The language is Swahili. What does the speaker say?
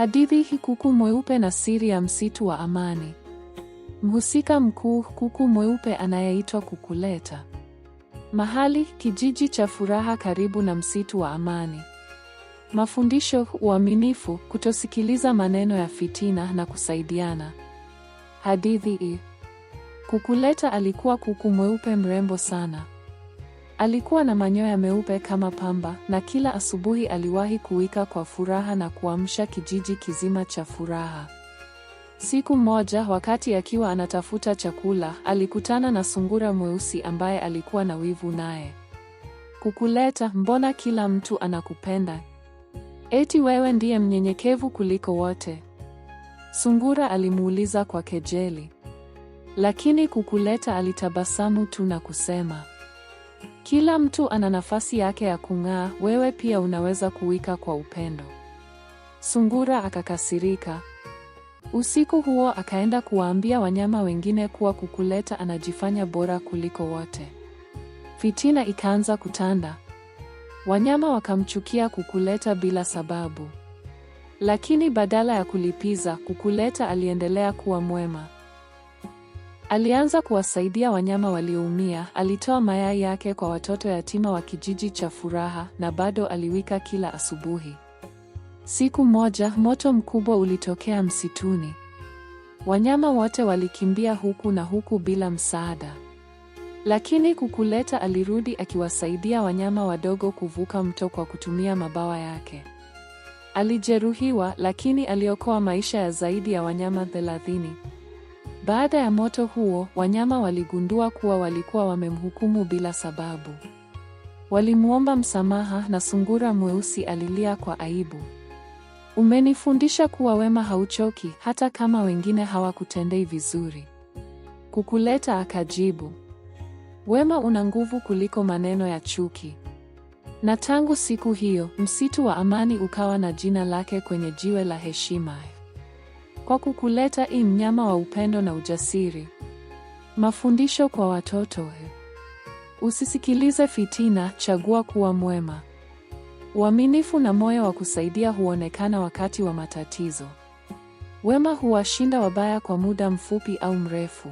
Hadithi hii kuku mweupe na siri ya msitu wa amani. Mhusika mkuu kuku mweupe anayeitwa Kukuleta. Mahali kijiji cha furaha karibu na msitu wa amani. Mafundisho: uaminifu, kutosikiliza maneno ya fitina na kusaidiana. Hadithi hii. Kukuleta alikuwa kuku mweupe mrembo sana. Alikuwa na manyoya meupe kama pamba na kila asubuhi aliwahi kuwika kwa furaha na kuamsha kijiji kizima cha furaha. Siku moja wakati akiwa anatafuta chakula, alikutana na sungura mweusi ambaye alikuwa na wivu naye. Kukuleta, mbona kila mtu anakupenda? Eti wewe ndiye mnyenyekevu kuliko wote? Sungura alimuuliza kwa kejeli. Lakini Kukuleta alitabasamu tu na kusema, kila mtu ana nafasi yake ya kung'aa, wewe pia unaweza kuwika kwa upendo. Sungura akakasirika. Usiku huo akaenda kuwaambia wanyama wengine kuwa Kukuleta anajifanya bora kuliko wote. Fitina ikaanza kutanda. Wanyama wakamchukia Kukuleta bila sababu. Lakini badala ya kulipiza, Kukuleta aliendelea kuwa mwema. Alianza kuwasaidia wanyama walioumia, alitoa mayai yake kwa watoto yatima wa kijiji cha Furaha na bado aliwika kila asubuhi. Siku moja, moto mkubwa ulitokea msituni. Wanyama wote walikimbia huku na huku bila msaada. Lakini Kukuleta alirudi akiwasaidia wanyama wadogo kuvuka mto kwa kutumia mabawa yake. Alijeruhiwa lakini aliokoa maisha ya zaidi ya wanyama thelathini. Baada ya moto huo, wanyama waligundua kuwa walikuwa wamemhukumu bila sababu. Walimwomba msamaha na sungura mweusi alilia kwa aibu. Umenifundisha kuwa wema hauchoki hata kama wengine hawakutendei vizuri. Kukuleta akajibu. Wema una nguvu kuliko maneno ya chuki. Na tangu siku hiyo, msitu wa Amani ukawa na jina lake kwenye jiwe la heshima kwa kukuleta i mnyama wa upendo na ujasiri. Mafundisho kwa watoto: usisikilize fitina, chagua kuwa mwema. Uaminifu na moyo wa kusaidia huonekana wakati wa matatizo. Wema huwashinda wabaya kwa muda mfupi au mrefu.